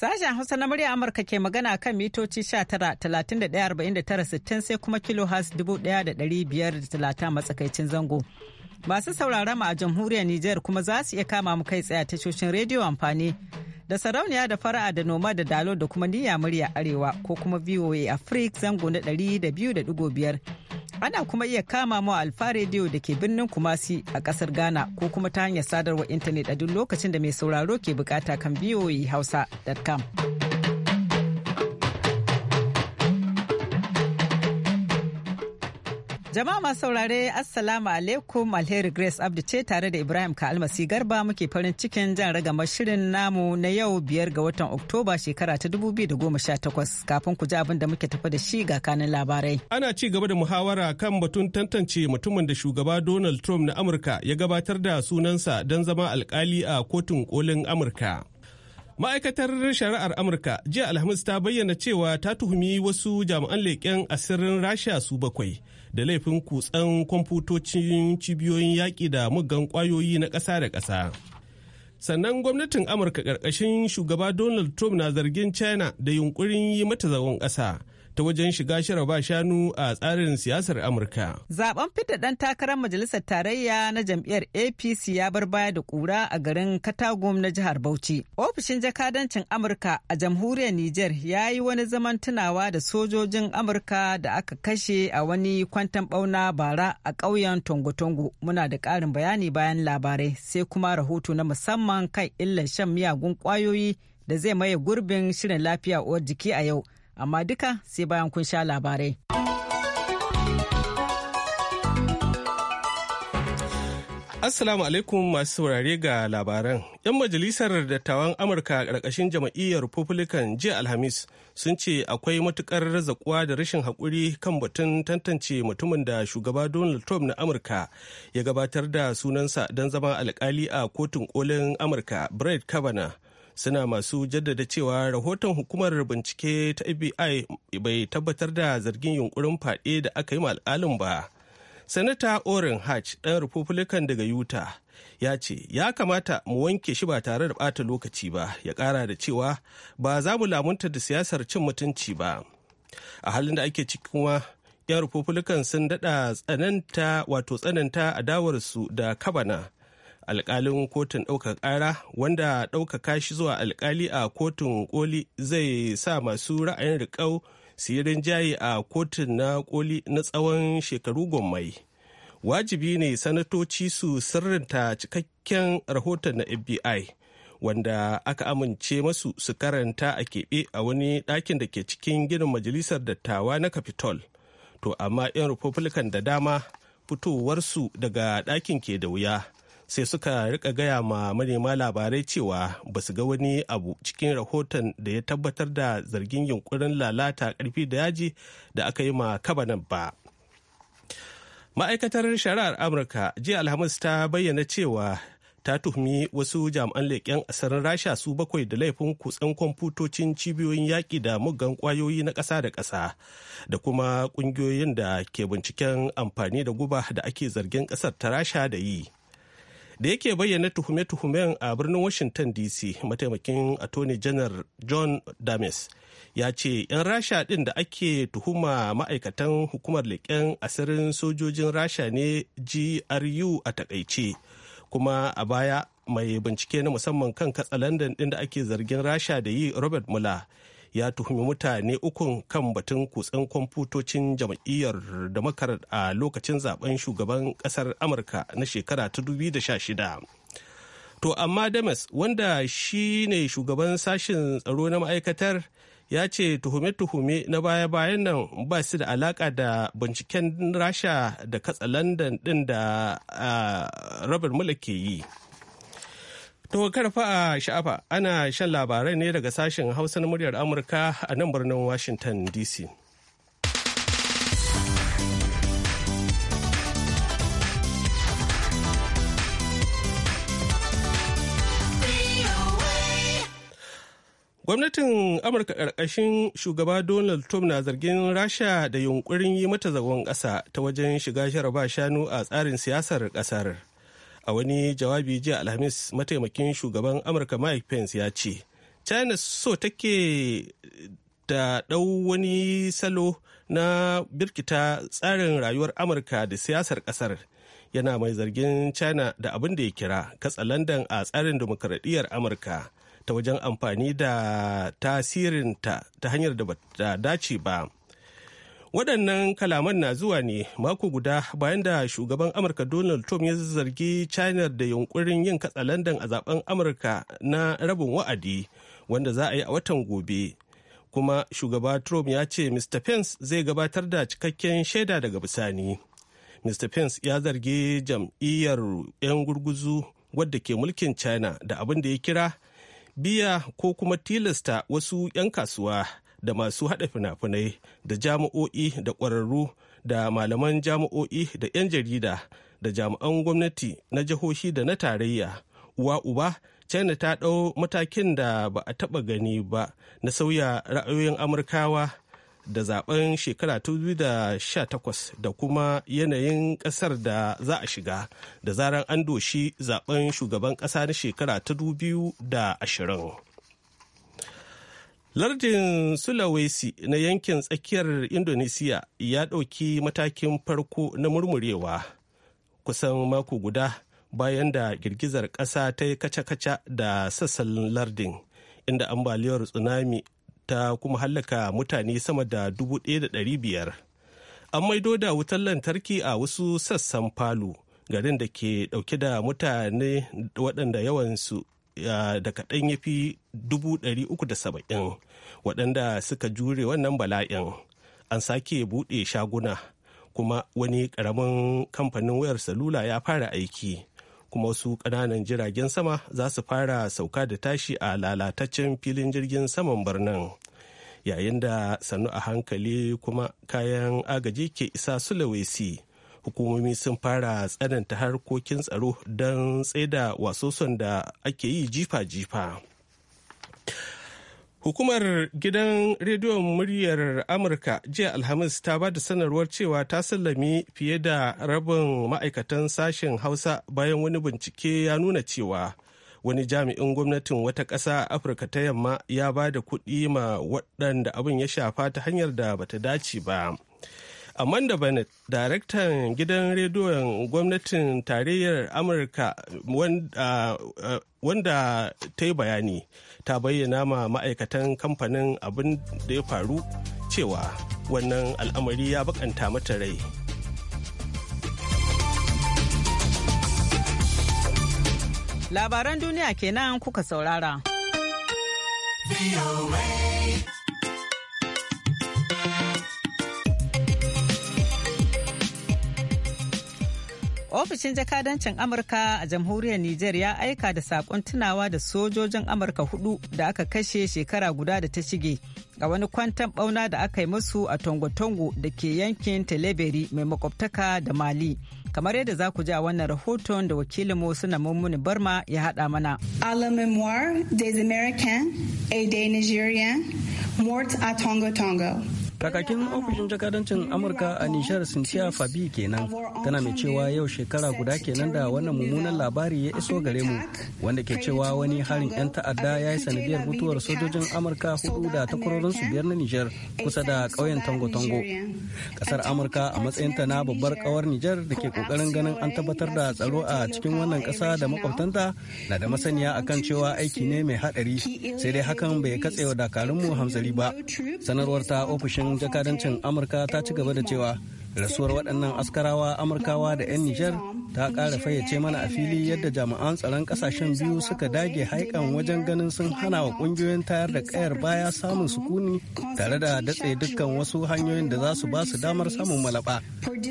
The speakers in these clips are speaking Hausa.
Sashen Hausa na murya Amurka ke magana kan mitoci 60 sai kuma kilo has 1,530 matsakaicin zango. Masu sauraron mu a jamhuriyar Nijar kuma za su iya kama mu kai tsaye tashoshin rediyo amfani da sarauniya da fara'a da noma da dalo da kuma niyya murya arewa ko kuma VOA Africa zango na 200.5. Ana kuma iya kama mu a alfa rediyo da ke birnin Kumasi a kasar Ghana ko kuma ta hanyar sadarwar intanet a duk lokacin da mai sauraro ke bukata kan voahausa.com. Jama'a masu saurare Assalamu alaikum Alheri Grace Abdu ce tare da Ibrahim ka almasi Garba muke farin cikin jan ragama shirin namu na yau biyar ga watan Oktoba shekara ta 2018 kafin ku ji abin da muke tafi da shi ga kanin labarai. Ana ci gaba da muhawara kan batun tantance mutumin da shugaba Donald Trump na Amurka ya gabatar da sunansa don zama alkali a kotun kolin Amurka. ma'aikatar shari'ar amurka jiya alhamis ta bayyana cewa ta tuhumi wasu jami'an leƙen asirin rasha su bakwai da laifin kutsan kwamfutocin cibiyoyin yaƙi da muggan ƙwayoyi na ƙasa da ƙasa. Sannan gwamnatin Amurka ƙarƙashin shugaba Donald Trump na zargin China da yunkurin yi mata zagon ƙasa ta wajen shiga shara shanu a tsarin siyasar Amurka. Zaben fidda ɗan takarar majalisar tarayya na jam'iyyar APC ya bar baya da ƙura a garin Katagum na jihar Bauchi. Ofishin jakadancin Amurka a jamhuriyar Nijar ya yi wani zaman tunawa da sojojin Amurka da aka kashe a wani kwantan ɓauna bara a ƙauyen Tongo-Tongo. Muna da ƙarin bayani bayan labarai sai kuma rahoto na musamman kan illar shan miyagun ƙwayoyi da zai maye gurbin shirin lafiya uwar jiki a yau. amma duka sai bayan kun sha labarai. Assalamu alaikum masu saurare ga labaran. 'Yan majalisar dattawan Amurka ƙarƙashin jam'iyyar Republican jiya Alhamis sun ce akwai matukar razaƙuwa da rashin haƙuri kan batun tantance mutumin da shugaba Donald Trump na Amurka ya gabatar da sunansa don zama alƙali a kotun kolin Amurka Brett Kavanaugh. suna masu jaddada cewa rahoton hukumar bincike ta fbi bai tabbatar da zargin yunkurin fade da aka yi al'alun ba sanata orin hatch ɗan republican daga utah ya ce ya kamata mu wanke shi ba tare da ɓata lokaci ba ya ƙara da cewa ba za mu lamunta da siyasar cin mutunci ba a halin da ake ciki kuma 'yan republican sun daɗa tsananta wato tsananta adawarsu da kabana alkalin kotun ɗaukar ƙara wanda ɗaukaka shi zuwa alkali a kotun koli zai sa masu ra'ayin riƙau su yi rinjaye a kotun na koli na tsawon shekaru gwammai wajibi ne sanatoci su sirrinta cikakken rahoton na fbi wanda aka amince masu su karanta a keɓe a wani ɗakin da ke cikin ginin majalisar dattawa na capitol to amma 'yan republican da dama fitowarsu daga ɗakin ke da wuya sai suka rika gaya ma manema labarai cewa ba su ga wani abu cikin rahoton da ya tabbatar da zargin yunkurin lalata karfi da yaji da aka yi ma kabanan ba ma'aikatar shari'ar amurka jiya alhamis ta bayyana cewa ta tuhumi wasu jami'an leƙen asarin rasha su bakwai da laifin kutsen kwamfutocin cibiyoyin yaƙi da muggan ƙwayoyi na ƙasa da ƙasa da kuma ƙungiyoyin da ke binciken amfani da guba da ake zargin ƙasar ta rasha da yi da yake bayyana tuhume-tuhumen a birnin washington dc mataimakin attorney general john dames ya ce 'yan rasha ɗin da ake tuhuma ma'aikatan hukumar leƙen asirin sojojin rasha ne gru a takaice kuma a baya mai bincike na musamman kan katsalandan ɗin da ake zargin rasha da yi robert Muller. ya tuhumi mutane ukun kan batun kutsen kwamfutocin jam'iyyar damakar a lokacin zaben shugaban kasar amurka na shekara ta 2016 to amma Demes wanda shi ne shugaban sashen tsaro na ma'aikatar ya ce tuhume-tuhume na baya-bayan nan ba su da alaka da binciken rasha da katsa katsalandan din da rabin mulki ke yi To karfa a sha'afa ana shan labarai ne daga sashen hausa na muryar Amurka a nan birnin Washington DC. Gwamnatin Amurka ƙarƙashin shugaba Donald Trump na zargin Rasha da yunkurin yi mata zagon ƙasa ta wajen shiga shara ba shanu a tsarin siyasar ƙasar. a wani jawabi jiya alhamis mataimakin shugaban amurka mike pence ya ce china so take da ɗau wani salo na birkita tsarin rayuwar amurka da siyasar ƙasar yana mai zargin china da abin da ya kira katsalandan a tsarin demokradiyyar amurka ta wajen amfani da tasirinta ta hanyar da ba dace ba waɗannan kalaman na zuwa ne mako guda bayan da shugaban amurka donald trump ya zargi china da yunkurin yin katsalandan a zaben amurka na rabin wa'adi wanda za a yi a watan gobe kuma shugaba trump ya ce mr pence zai gabatar da cikakken shaida daga bisani mr pence ya zargi jam'iyyar 'yan gurguzu wadda ke mulkin china da abin da ya kira biya ko kuma tilasta wasu 'yan kasuwa da masu haɗa fina-finai da jami'o'i da ƙwararru da malaman jami'o'i da 'yan jarida da jami'an gwamnati na jihohi da na tarayya uwa uba china ta ɗau matakin da ba a taɓa gani ba na sauya ra'ayoyin amurkawa da zaben shekara 2018 da kuma yanayin ƙasar da za a shiga da zarar an doshi zaben shugaban ƙasa na shekara ta 2020. Lardin Sulawesi na yankin tsakiyar Indonesiya ya ɗauki matakin farko na murmurewa kusan mako guda bayan da girgizar ƙasa ta yi kaca-kaca da sassan lardin inda ambaliyar tsunami ta kuma hallaka mutane sama da 1,500. An maido da wutar lantarki a wasu sassan falo, garin da ke ɗauke da mutane waɗanda yawansu da kaɗan ya fi dubu ɗari uku da saba'in waɗanda suka jure wannan bala'in an sake buɗe shaguna kuma wani ƙaramin kamfanin wayar salula ya fara aiki kuma wasu ƙananan jiragen sama za su fara sauka da tashi a lalataccen filin jirgin saman birnin yayin da sannu a hankali kuma kayan agaji ke isa sulawesi hukumomi sun fara tsananta harkokin tsaro don tsaida wasoson da ake yi jifa-jifa Hukumar gidan rediyon muryar Amurka jiya Alhamis ta ba da sanarwar cewa ta sallami fiye da rabin ma'aikatan sashen Hausa bayan wani bincike ya nuna cewa wani jami'in gwamnatin wata ƙasa Afirka ta yamma ya ba da kuɗi ma waɗanda abin ya shafa ta hanyar da bata dace ba. Amanda Bennett, daraktan gidan rediyon gwamnatin tarayyar Amurka uh, uh, wanda ta yi bayani, ta bayyana ma ma'aikatan kamfanin abin da ya faru cewa wannan al'amari ya bakanta mata rai. Labaran duniya kenan kuka saurara. Ofishin jakadancin Amurka a jamhuriyar Nijar ya aika da sakon tunawa da sojojin Amurka hudu da aka kashe shekara guda da ta shige a wani kwantan ɓauna da aka yi musu a Tongo-Tongo da ke yankin Teleberi mai makwabtaka da Mali. Kamar yadda za ku ji a wannan rahoton da wakilinmu suna mummuni Barma ya haɗa mana. A la mémoire des nigerian et des Nigériens morts Tongo-Tongo. kakakin ofishin jakadancin amurka a nishar sintiya fabi kenan tana mai cewa yau shekara guda kenan da wannan mummunan labari ya iso gare mu wanda ke cewa wani harin 'yan ta'adda ya yi sanadiyar mutuwar sojojin amurka hudu da takwarorinsu biyar na nijar kusa da ƙauyen tango-tango ƙasar amurka a matsayinta na babbar kawar nijar da ke ƙoƙarin ganin an tabbatar da tsaro a cikin wannan ƙasa da makwabtanta na da masaniya akan cewa aiki ne mai haɗari sai dai hakan bai katsewa dakarunmu hamsari ba sanarwar ta ofishin ofishin jakadancin amurka ta ci gaba da cewa rasuwar waɗannan askarawa amurkawa da 'yan nijar ta ƙara fayyace mana a fili yadda jami'an tsaron ƙasashen biyu suka dage haikan wajen ganin sun hana wa ƙungiyoyin tayar da ƙayar baya samun sukuni tare da datse dukkan wasu hanyoyin da za su ba su damar samun malaba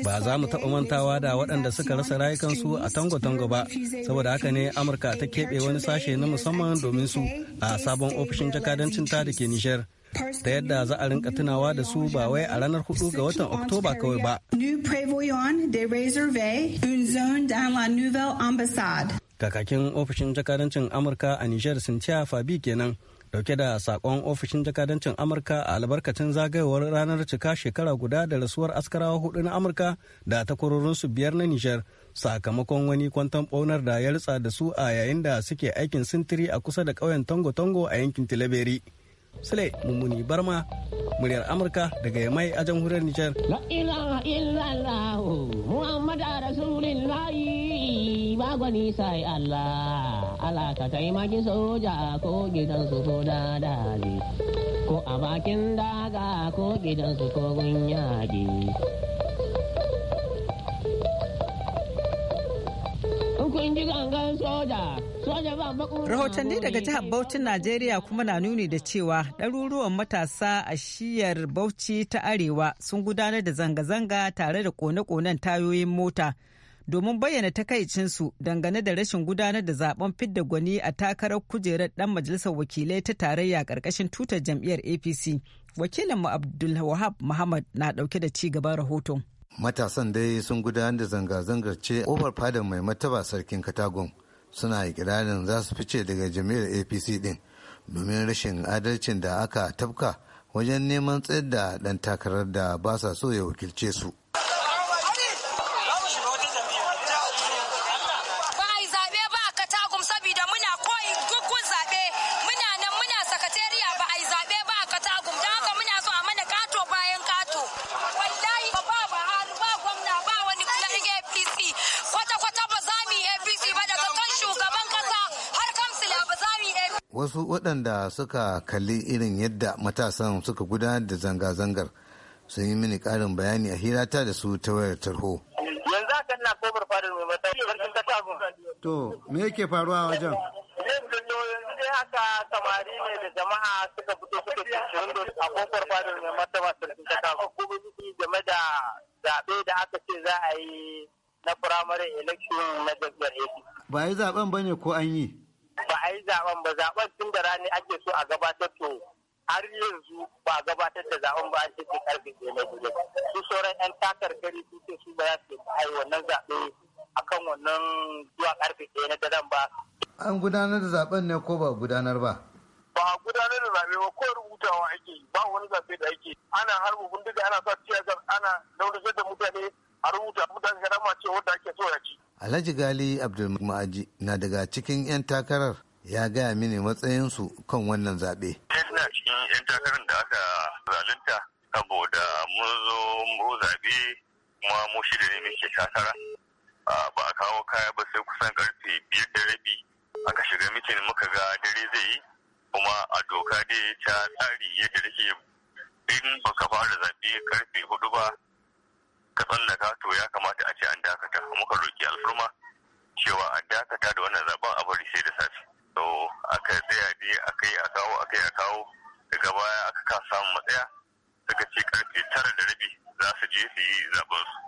ba za mu taɓa mantawa da waɗanda suka rasa rayukansu a tango-tango ba saboda haka ne amurka ta keɓe wani sashe na musamman domin su a sabon ofishin jakadancin ta da ke nijar ta yadda za a rinka tunawa da su ba wai a ranar hudu ga watan Oktoba kawai ba. Kakakin ofishin jakadancin Amurka a Nijar Cynthia Fabi kenan dauke da sakon ofishin jakadancin Amurka a albarkacin zagayowar ranar cika shekara guda da rasuwar askarawa hudu na Amurka da takwarorinsu biyar na Nijar sakamakon wani kwantan ɓaunar da ya ritsa da su a yayin da suke aikin sintiri a kusa da ƙauyen Tango-Tango a yankin Tilaberi. Sule Mummuni Barma muryar Amurka daga Yamai a jamhuriyar Nijar. La ilaha illallah Muhammad Rasulullah ba nisa sai Allah alaka taimaki soja ko gidan su ko dadali ko a bakin daga ko gidan su ko gun Rahotanni daga jihar Bauchin Najeriya kuma na nuni da cewa ɗaruruwan matasa a shiyar Bauchi ta Arewa sun gudanar da zanga-zanga tare da kone-konen tayoyin mota. domin bayyana takaicinsu dangane da rashin gudanar da zaben fidda gwani a takarar kujerar ɗan majalisar wakilai ta tarayya ƙarƙashin tutar jam'iyyar apc wakilinmu abdulwahab muhammad na ɗauke da ci gaban rahoton Matasan dai sun gudanar da zanga-zangar ce ofar fadar mai mataba sarkin katagon suna ikirarin za su fice daga jami'ar APC din domin rashin adalcin da aka tafka wajen neman tsayar da ɗan takarar da ba sa so ya wakilce su. wasu waɗanda suka kalli irin yadda matasan suka gudanar da zanga-zangar sun yi mini ƙarin bayani a hirata da su ta wayar tarho. Yanzu haka na kofar fadar mai matsayi sarkin tafi To, me yake faruwa wajen? dai haka samari ne da jama'a suka fito suka ci shirin da a kofar fadar mai martaba sarkin kasa hukumomi game da zaɓe da aka ce za a yi na firamare election na jam'iyyar APC. Ba yi zaɓen ba ne ko an yi? ba a yi zaben ba zaben tun da rani ake so a gabatar to har yanzu ba a gabatar da zaben ba an ce karfe ɗaya na dole su sauran yan gari su ce su ba za su yi wannan zaɓe akan wannan zuwa karfe ɗaya na daren ba. an gudanar da zaben ne ko ba gudanar ba. ba a gudanar da zaɓe ba ko rubutawa ake ba wani zaɓe da ake ana harba bindiga ana sa tiyazar ana daurasar da mutane a rubuta abin da aka ce wanda ake so ya ci. Alhaji Gali ma'aji na daga cikin 'yan takarar ya gaya mini matsayinsu kan wannan zaɓe. Eh, ina cikin 'yan takarar da aka zalunta saboda mun zo mu zaɓe kuma mu da ne muke takara. Ba a kawo kaya ba sai kusan karfe biyar da rabi aka shiga mitin muka ga dare zai yi kuma a doka dai ta tsari yadda take in baka fara zaɓe karfe hudu ba ka tsallaka to ya kamata a ce an dakata muka roki alfurma cewa a dakata da wannan zaben a bari sai da safe to aka tsaya dai a kai a kawo a yi a kawo daga baya aka samu matsaya daga ce karfe tara da rabi za su je su yi zaben su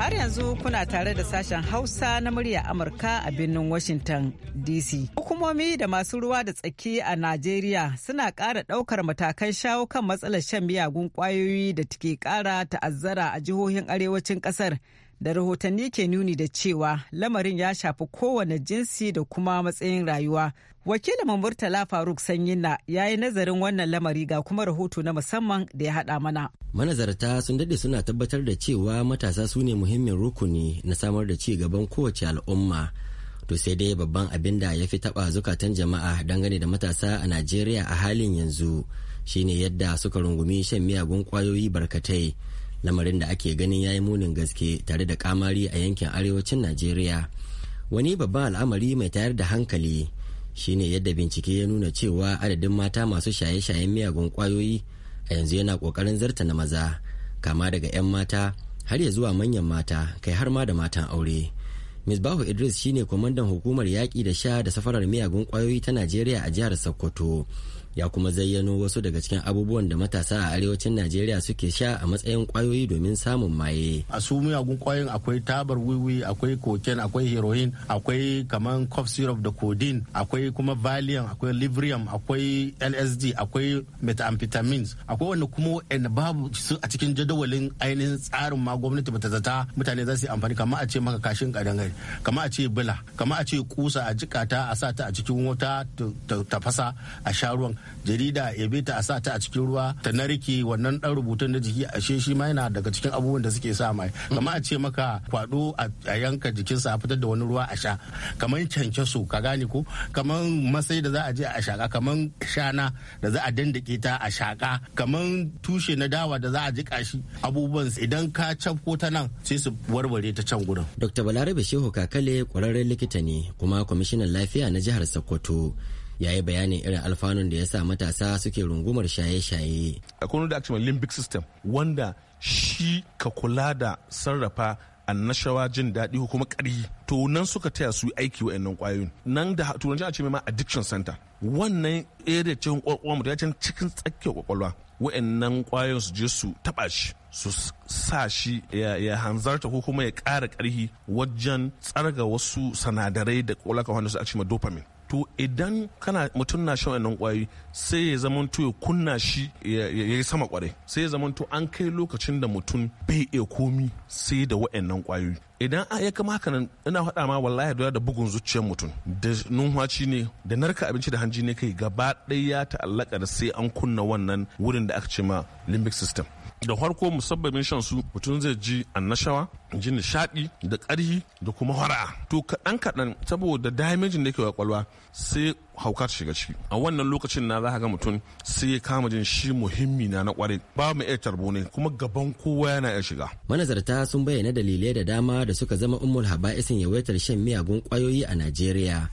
Har yanzu kuna tare da sashen Hausa na murya Amurka a birnin Washington DC. Hukumomi da masu ruwa da tsaki a Najeriya suna ƙara ɗaukar matakan shawo kan matsalar shan miyagun ƙwayoyi da take ƙara ta'azzara a jihohin arewacin ƙasar da rahotanni ke nuni da cewa lamarin ya shafi kowane jinsi da kuma matsayin rayuwa wakilin murtala faruk sanyinna ya yi nazarin wannan lamari ga kuma rahoto na musamman da ya haɗa mana manazarta sun dade suna tabbatar da cewa matasa su ne muhimmin rukuni na samar da ci gaban kowace al'umma to sai dai babban abin da ya fi taɓa zukatan jama'a dangane da matasa a najeriya a halin yanzu shine yadda suka rungumi shan miyagun kwayoyi barkatai lamarin da ake ganin ya yi munin gaske tare da kamari a yankin arewacin najeriya wani babban al'amari mai tayar da hankali shine yadda bincike ya nuna cewa adadin mata masu shaye-shayen miyagun kwayoyi a yanzu yana kokarin zarta na maza kama daga 'yan mata har ya zuwa manyan mata kai har ma da matan aure Ms. Bahu idris shine kwamandan hukumar yaƙi da sha da safarar miyagun kwayoyi ta najeriya a jihar sokoto ya kuma zayyano wasu daga cikin abubuwan da matasa a arewacin najeriya suke sha a matsayin kwayoyi domin samun maye a su miyagun kwayoyin akwai tabar wiwi akwai koken akwai heroin akwai kaman cough syrup da codeine akwai kuma valium akwai librium akwai lsd akwai methamphetamines akwai wanda kuma wanda babu su a cikin jadawalin ainihin tsarin ma gwamnati bata zata mutane za su yi amfani kamar a ce maka kashin kadangare kamar a ce bila kamar a ce kusa a jikata a sa ta a cikin wuta ta fasa a sha ruwan jarida ya bi ta a sa ta a cikin ruwa ta narke wannan dan rubutun na jiki ashe shi ma yana daga cikin abubuwan da suke sa mai kamar a ce maka kwado a yanka jikinsa a fitar da wani ruwa a sha kamar kyankyaso ka gane ko kamar masai da za a je a shaka kamar shana da za a dandake ta a shaka kamar tushe na dawa da za a jika shi abubuwan idan ka cafko ta nan sai su warware ta can gurin. Dr. Balarabe Shehu Kakale kwararren likita ne kuma kwamishinan lafiya na jihar Sokoto. ya yi bayanin irin alfanun da ya sa matasa suke rungumar shaye-shaye. Akwai wani da ake limbic system wanda shi ka kula da sarrafa annashawa jin daɗi ko kuma ƙari to nan suka taya su aiki wa'annan ƙwayoyin nan da turanci a ce mai addiction center wannan area cikin kwakwalwa mutum ya can cikin tsakiyar kwakwalwa wa'annan ƙwayoyin su je su taɓa shi su sa shi ya hanzarta ko kuma ya ƙara ƙarfi wajen tsarga wasu sanadarai da kwakwalwa wanda su a ce dopamine to idan kana mutum na shan wannan kwayoyi sai ya to ya kunna shi ya yi sama kwarai sai ya zamanto an kai lokacin da mutum bai iya komi sai da wa'annan kwayoyi idan a ya kama haka ina faɗa ma wallahi doya da bugun zuciyar mutum da numfashi ne da narka abinci da hanji ne kai gaba ɗaya ya ta'allaka da sai an kunna wannan wurin da aka ce ma limbic system da farko musabbabin shan su mutum zai ji annashawa ji nishaɗi da ƙarhi da kuma fara'a to kaɗan kaɗan saboda damejin da ke kwakwalwa sai haukar shiga ciki a wannan lokacin na za ga mutum sai ya kama jin shi muhimmi na na kwarai ba mu iya tarbo ne kuma gaban kowa yana iya shiga manazarta sun bayyana dalilai da dama da suka zama ummul haba'isin yawaitar shan miyagun kwayoyi a najeriya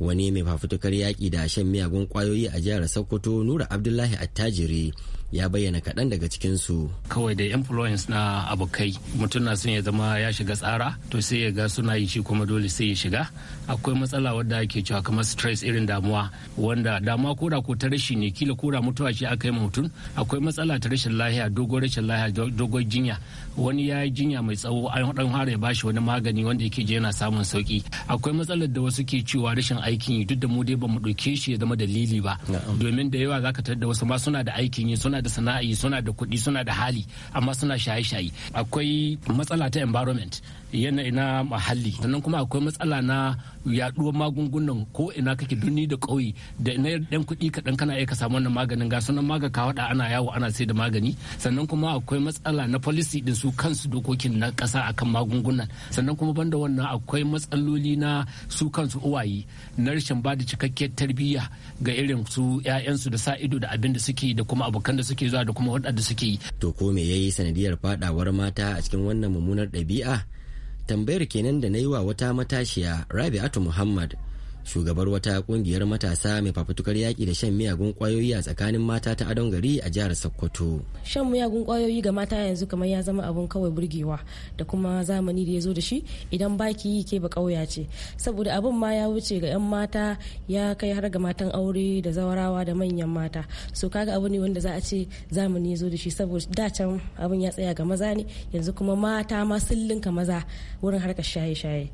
wani mai fafutukar yaƙi da shan miyagun kwayoyi a jihar sokoto nura abdullahi attajiri ya bayyana kaɗan daga cikinsu. Kawai da influence na abokai mutum na son ya zama ya shiga tsara to sai ya ga suna yi shi kuma dole sai ya shiga. Akwai matsala wadda ake cewa kamar stress irin damuwa wanda damuwa koda ko ta rashi ne kila koda mutuwa ce aka yi mutum akwai matsala ta rashin lahiya dogon rashin lahiya dogon jinya wani ya yi jinya mai tsawo an dan fara ya bashi wani magani wanda yake je yana samun sauki akwai matsalar da wasu ke cewa rashin aikin yi duk da mu dai ba mu ɗauke shi ya zama dalili ba domin da yawa zaka tarar da wasu ma suna da aikin yi suna da sana'i suna da kuɗi suna da hali amma suna shaye-shaye akwai matsala ta environment yanayi na muhalli sannan kuma akwai matsala na yaduwar magungunan ko ina kake duni da ƙauye da na ɗan kuɗi kaɗan kana aika samu wannan maganin ga sunan maga ka haɗa ana yawo ana sai da magani sannan kuma akwai matsala na policy din su kansu dokokin na ƙasa akan magungunan sannan kuma banda wannan akwai matsaloli na su kansu uwaye na rashin ba da cikakkiyar tarbiyya ga irin su 'ya'yansu da sa ido da abin da suke da kuma abokan da suke zuwa da kuma hulɗar da suke yi. To ko me yayi sanadiyar faɗawar mata a cikin wannan mummunar ɗabi'a? tambayar kenan da na yi wa wata matashiya rabi'atu muhammad shugabar wata kungiyar matasa mai fafutukar yaki da shan miyagun kwayoyi a tsakanin mata ta adon gari a jihar sokoto shan miyagun kwayoyi ga mata yanzu kamar ya zama abun kawai burgewa da kuma zamani da ya zo da shi idan baki yi ke ba ƙauya ce saboda abun ma ya wuce ga 'yan mata ya kai har ga matan aure da zawarawa da manyan mata so kaga abu ne wanda za a ce zamani ya zo da shi saboda da can abun ya tsaya ga maza ne yanzu kuma mata ma sun linka maza wurin harkar shaye-shaye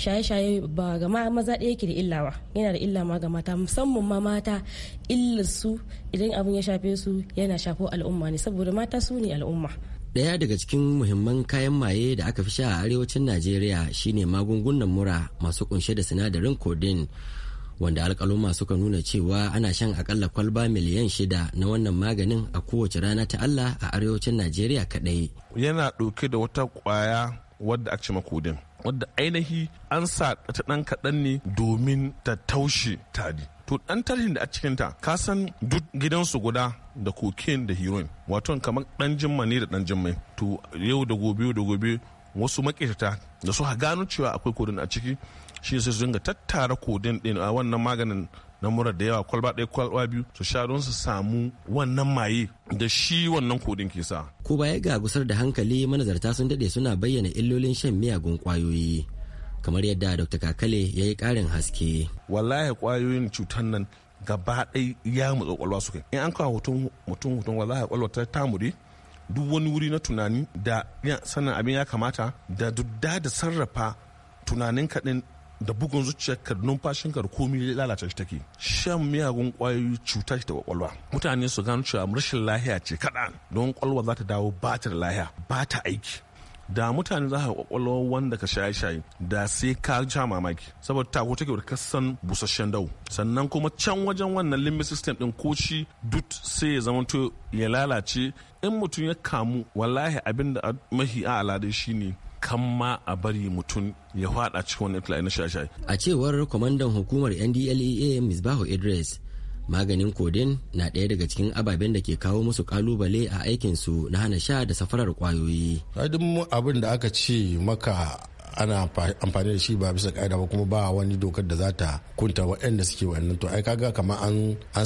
shaye-shaye ba ga maza ɗaya ke da yana da illa ma ga mata musamman ma mata illarsu idan abin ya shafe su yana shafo al'umma ne saboda mata su ne al'umma daya daga cikin muhimman kayan maye da aka fi sha a arewacin najeriya shine magungunan mura masu kunshe da sinadarin codeine wanda alkaluma suka nuna cewa ana shan akalla kwalba miliyan shida na wannan maganin a kowace rana ta allah a arewacin najeriya kadai yana ɗauke da wata kwaya wadda a ce makudin wadda ainihi an sa ta ɗan kaɗan ne domin ta taushe tadi to ɗan tarihin da a cikinta ka san duk gidansu guda da kokin da heroin wato kamar ɗan jimma ne da ɗan jimmai to yau da gobe da gobe wasu makirta da su gano cewa akwai kodin a ciki shi sai su dinga tattara kodin din a wannan maganin na mura da yawa kwalba ɗaya kwalba biyu su sha don su samu wannan maye da shi wannan kodin ke sa. Ko baya ga gusar da hankali manazarta sun daɗe suna bayyana illolin shan miyagun ƙwayoyi. Kamar yadda Dr. Kakale ya yi ƙarin haske. Wallahi ƙwayoyin cutar nan gaba ɗaya ya mutsa ƙwalba su kai. In an kawo hoton mutum hoton wallahi ƙwalba ta tamure duk wani wuri na tunani da sanin abin ya kamata da duk da sarrafa tunanin kaɗin da bugun zuciyarka ka da komi lalata shi take shan miyagun kwayoyi cuta shi ta kwakwalwa mutane su gano cewa rashin lahiya ce kaɗan don kwalwa za ta dawo ba ta da lahiya ba ta aiki da mutane za ka kwakwalwa wanda ka shaye shaye da sai ka ja mamaki saboda tako take da kasan busasshen dau sannan kuma can wajen wannan limbic system din shi. dut sai ya zama to ya lalace in mutum ya kamu wallahi abinda mahi a alade shine kan ma a bari mutum ya fada cikin wani iftila'i na shaye A cewar kwamandan hukumar NDLEA Misbahu Idris, maganin kodin na ɗaya daga cikin ababen da ke kawo musu kalubale a aikinsu na hana sha da safarar kwayoyi. Duk abin da aka ce maka ana amfani da shi ba bisa ka'ida ba kuma ba wani dokar da za ta kunta waɗanda suke wannan to ai kaga kamar an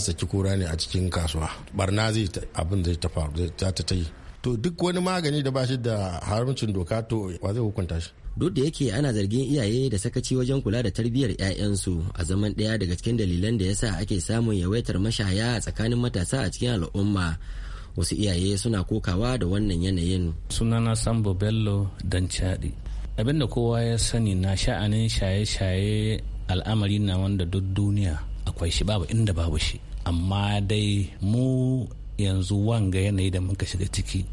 saki kura ne a cikin kasuwa barna zai abin zai ta faru za ta ta yi to duk wani magani da ba shi da haramcin doka to wa zai hukunta shi duk da yake ana zargin iyaye da sakaci wajen kula da tarbiyyar 'ya'yansu a zaman ɗaya daga cikin dalilan da yasa ake samun yawaitar mashaya a tsakanin matasa a cikin al'umma wasu iyaye suna kokawa da wannan yanayin sunana sambo bello dan chadi abinda kowa ya sani na sha'anin shaye-shaye al'amari na wanda duk duniya akwai shi babu inda babu shi amma dai mu yanzu wanga yanayi da muka shiga ciki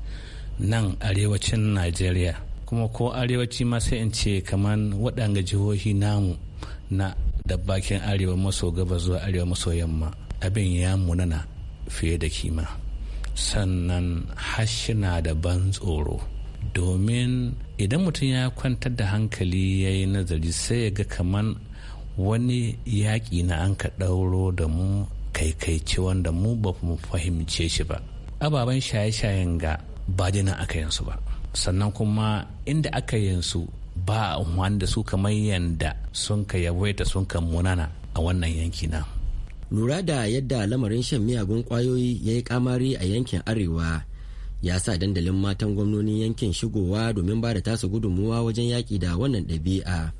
nan arewacin najeriya kuma ko arewaci ma sai in ce kamar waɗanga jihohi namu na da bakin arewa maso gaba zuwa arewa maso yamma abin ya munana fiye da kima sannan hashina da ban tsoro domin idan mutum ya kwantar da hankali ya yi nazari sai ya ga kaman wani yaƙi na an ka ɗauro da mu ce wanda mu ba mu fahimce shi ba ababen shaye-shayen ga ba dina aka yin ba sannan kuma inda aka yin su ba wanda su kamar yanda sun ka yawaita sun ka munana a wannan yanki na lura da yadda lamarin shan miyagun kwayoyi ya yi kamari a yankin arewa ya sa dandalin matan gwamnonin yankin shigowa domin ba da tasu gudunmuwa wajen yaƙi da wannan ɗabi'a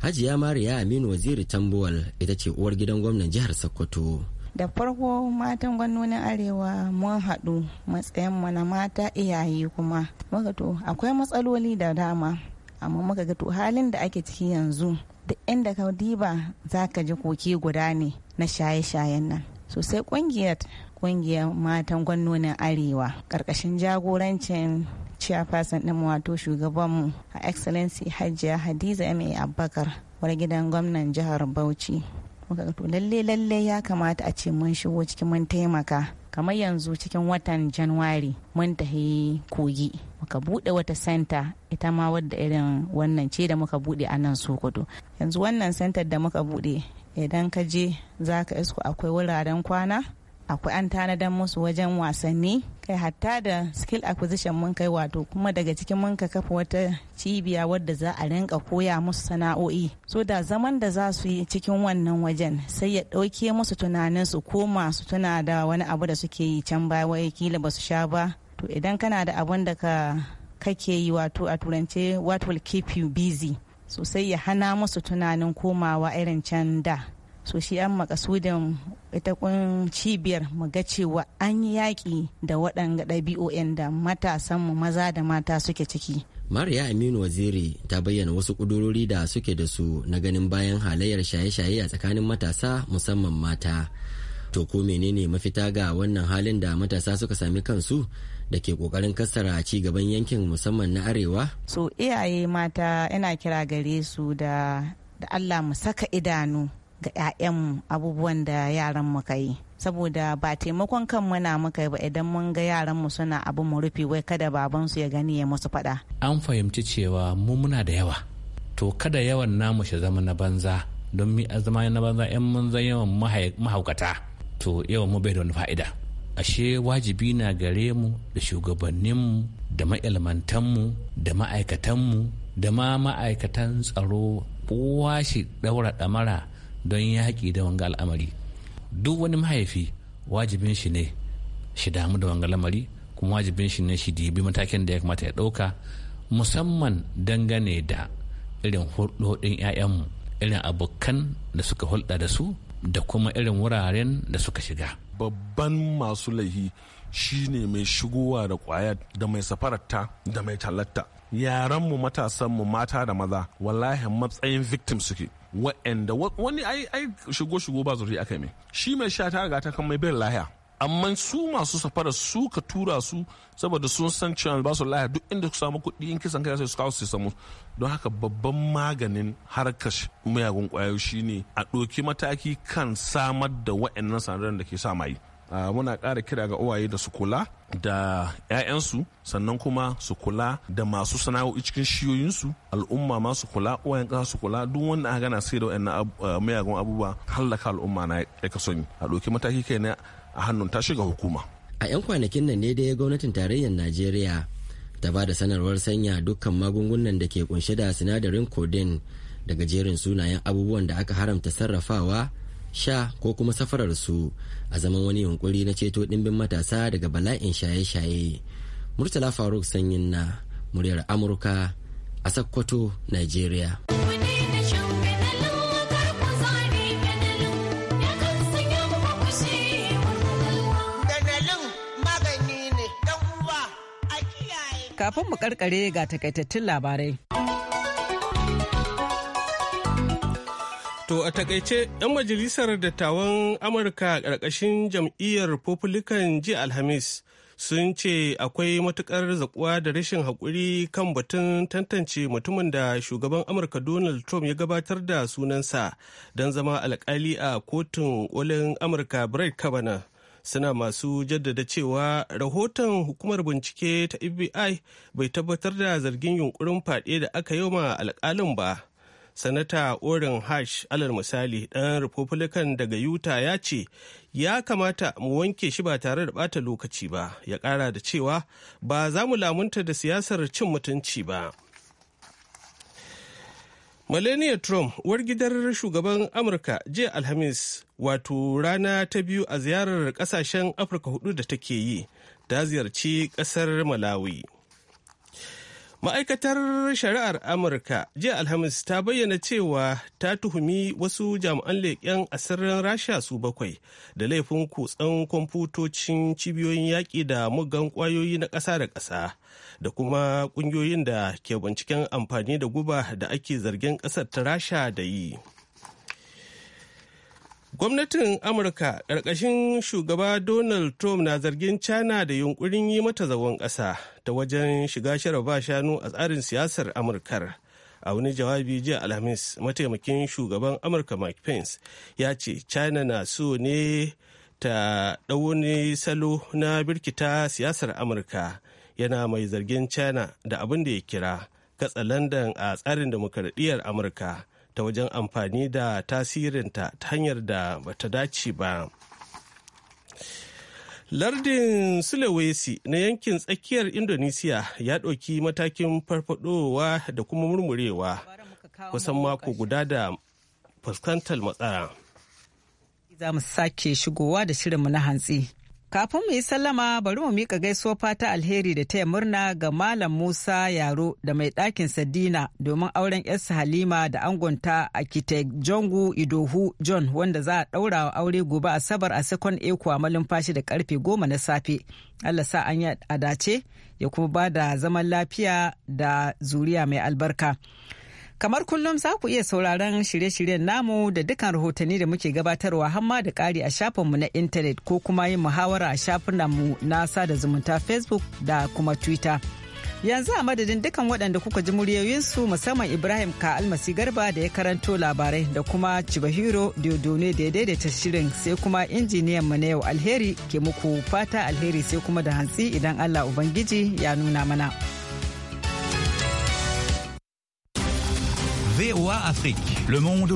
hajiya mariya aminu waziri tambuwal ita ce uwar gidan gwamnan jihar sokoto da farko matan gwanonin arewa mun haɗu matsayin na mata iyaye kuma muka to akwai matsaloli da dama amma muka ga to halin da ake ciki yanzu da inda ka diba za ka ji koke guda ne na shaye-shayen nan sosai ƙungiyar kungiyar matan gwanonin arewa ƙarƙashin jagorancin chairperson din wato shugabanmu a excellency hajiya hadiza ma abubakar wani gidan gwamnan jihar bauchi muka to lalle lalle ya kamata a ce mun shigo cikin mun taimaka kamar yanzu cikin watan januwari mun tafi kogi muka bude wata senta ita ma wadda irin wannan ce da muka bude a nan sokoto yanzu wannan sentar da muka bude idan ka je za ka isko akwai wuraren kwana akwai an tanadan musu wajen wasanni kai hatta da skill acquisition mun kai wato kuma daga cikin mun ka kafa wata cibiya wadda za a rinka koya musu sana'o'i so da zaman da za su yi cikin wannan wajen sai ya ɗauke musu tunanin su koma su tuna da wani abu da suke yi can baya wai kila ba su sha ba to idan kana da abun da ka kake yi wato a turance what will keep you busy sosai ya hana musu tunanin komawa irin can da so shi an makasudin ita kun cibiyar mu ga cewa an yi yaƙi da waɗanga ɗabi'o'in da matasan mu maza da mata suke ciki Mariya Aminu Waziri ta bayyana wasu ƙudurori da suke da su na ganin bayan halayyar shaye-shaye a tsakanin matasa musamman mata. To ko menene mafita ga wannan halin da matasa suka sami kansu da ke kokarin kassara ci gaban yankin musamman na arewa? So iyaye mata yana kira gare su da da Allah mu saka idanu ga 'ya'yan abubuwan da yaran muka yi saboda ba taimakon kan muna muka ba idan mun ga yaran mu suna abin mu rufi wai kada baban su ya gani ya musu fada an fahimci cewa mu muna da yawa to kada yawan namu shi zama na banza don mi zama na banza yan mun zan yawan mahaukata to yawan mu bai da wani fa'ida ashe wajibi na gare mu da shugabanninmu da ma'ilmantan mu da ma'aikatan mu da ma ma'aikatan tsaro kowa shi daura damara don yaƙi da wanga al'amari duk wani mahaifi wajibin shi ne shi damu da wanga lamari kuma wajibin shi ne shi dibi matakin da ya kamata ya ɗauka musamman dangane da irin hulɗoɗin 'ya'yanmu irin abokan da suka hulɗa da su da kuma irin wuraren da suka shiga babban masu laihi shine mai shigowa da kwaya da mai safararta da mai talatta yaranmu matasanmu mata da maza wallahi matsayin victim suke waɗanda wani ai shigo shigo ba zuri aka mai shi mai sha ta riga ta kan mai bin lahiya amma su masu safara su ka tura su saboda sun san cewa ba su lahiya duk inda su samu kuɗi in kisan kai sai su kawo su samu don haka babban maganin harkar miyagun kwayoyi shine a ɗoki mataki kan samar da waɗannan sanarren da ke sa mai Ah, muna ƙara kira ga uwaye da su kula da 'ya'yansu sannan kuma su kula da masu sana'o'i cikin shiyoyinsu al'umma ma su kula uwayen ƙasa su kula duk wanda aka gana sai da wayannan ah, mayagun abubuwa hallaka al'umma na ya kaso a ɗauki mataki kai ne a hannun tashi ga hukuma a 'yan kwanakin nan ne ya gwamnatin tarayyar najeriya ta ba da sanarwar sanya dukkan magungunan da ke kunshe da sinadarin codeine daga jerin sunayen abubuwan da aka haramta sarrafawa sha ko kuma safarar su a zaman wani yunkuri na ceto ɗimbin matasa daga bala'in shaye-shaye murtala faruk sanyin na muryar amurka a sakkwato nigeria kafin mu karkare ga takaitattun labarai To a takaice 'yan majalisar dattawan Amurka ƙarƙashin jam'iyyar Republican ji Alhamis sun ce akwai matukar zakuwa da rashin haƙuri kan batun tantance mutumin da shugaban Amurka Donald Trump ya gabatar da sunansa don zama alƙali a kotun olin Amurka Brett Kavanaugh. suna masu jaddada cewa rahoton hukumar bincike ta fbi bai tabbatar da zargin yunkurin fade da aka yi ma alƙalin ba sanata orin hash alal misali ɗan republican daga utah ya ce ya kamata mu wanke shi ba tare da bata lokaci ba ya ƙara da cewa ba za mu lamunta da siyasar cin mutunci ba Melania Trump, war gidar shugaban Amurka jiya Alhamis, wato rana ta biyu a ziyarar kasashen Afirka hudu da take yi, ta ziyarci ƙasar Malawi. Ma'aikatar Shari'ar Amurka jiya Alhamis ta bayyana cewa ta tuhumi wasu jami'an leƙen asirin Rasha su bakwai da laifin kutsan kwamfutocin cibiyoyin yaƙi da mugan ƙwayoyi na ƙasa da ƙasa da kuma ƙungiyoyin da ke binciken amfani da guba da ake zargin ƙasar ta Rasha da yi. Gwamnatin Amurka ƙarƙashin shugaba Donald Trump na zargin China da yunkurin yi mata zagon ƙasa ta wajen shiga shara ba shanu a tsarin siyasar Amurkar. A wani jawabi jiya Alhamis, mataimakin shugaban Amurka Mike Pence ya ce China na so ne ta ɗauni salo na birkita siyasar Amurka yana mai zargin China da abin da ya kira katsalandan a tsarin demokaradiyyar Amurka. ta wajen amfani da tasirinta ta hanyar da bata dace ba lardin sulawesi na yankin tsakiyar indonesiya ya ɗauki matakin farfadowa da kuma murmurewa kusan mako guda da fuskantar matsala za mu sake shigowa da shirinmu na hantsi Kafin mu yi sallama bari mu miƙa gaisuwar fata alheri da taya murna ga Malam Musa Yaro da mai ɗakin Sadina domin auren yarsa Halima da angonta a Kite Jongu Idohu John wanda za a ɗaura wa aure gobe Asabar a Second Eko a malumfashi da karfe goma na safe. Allah sa an yi a dace ya kuma ba da zaman lafiya da zuriya mai albarka. Kamar kullum za ku iya sauraron shirye-shiryen namu da dukkan rahotanni da muke gabatarwa hamma da ƙari a shafinmu na intanet ko kuma yin muhawara a shafinanmu na sada zumunta Facebook da kuma Twitter. Yanzu a madadin dukkan waɗanda kuka ji muryoyinsu musamman Ibrahim ka almasi garba da ya karanto labarai da kuma Chibahiro Diodone da ya daidaita shirin sai kuma injiniyan mu na yau alheri ke muku fata alheri sai kuma da hantsi idan Allah Ubangiji ya nuna mana. VOA Afrique. Le monde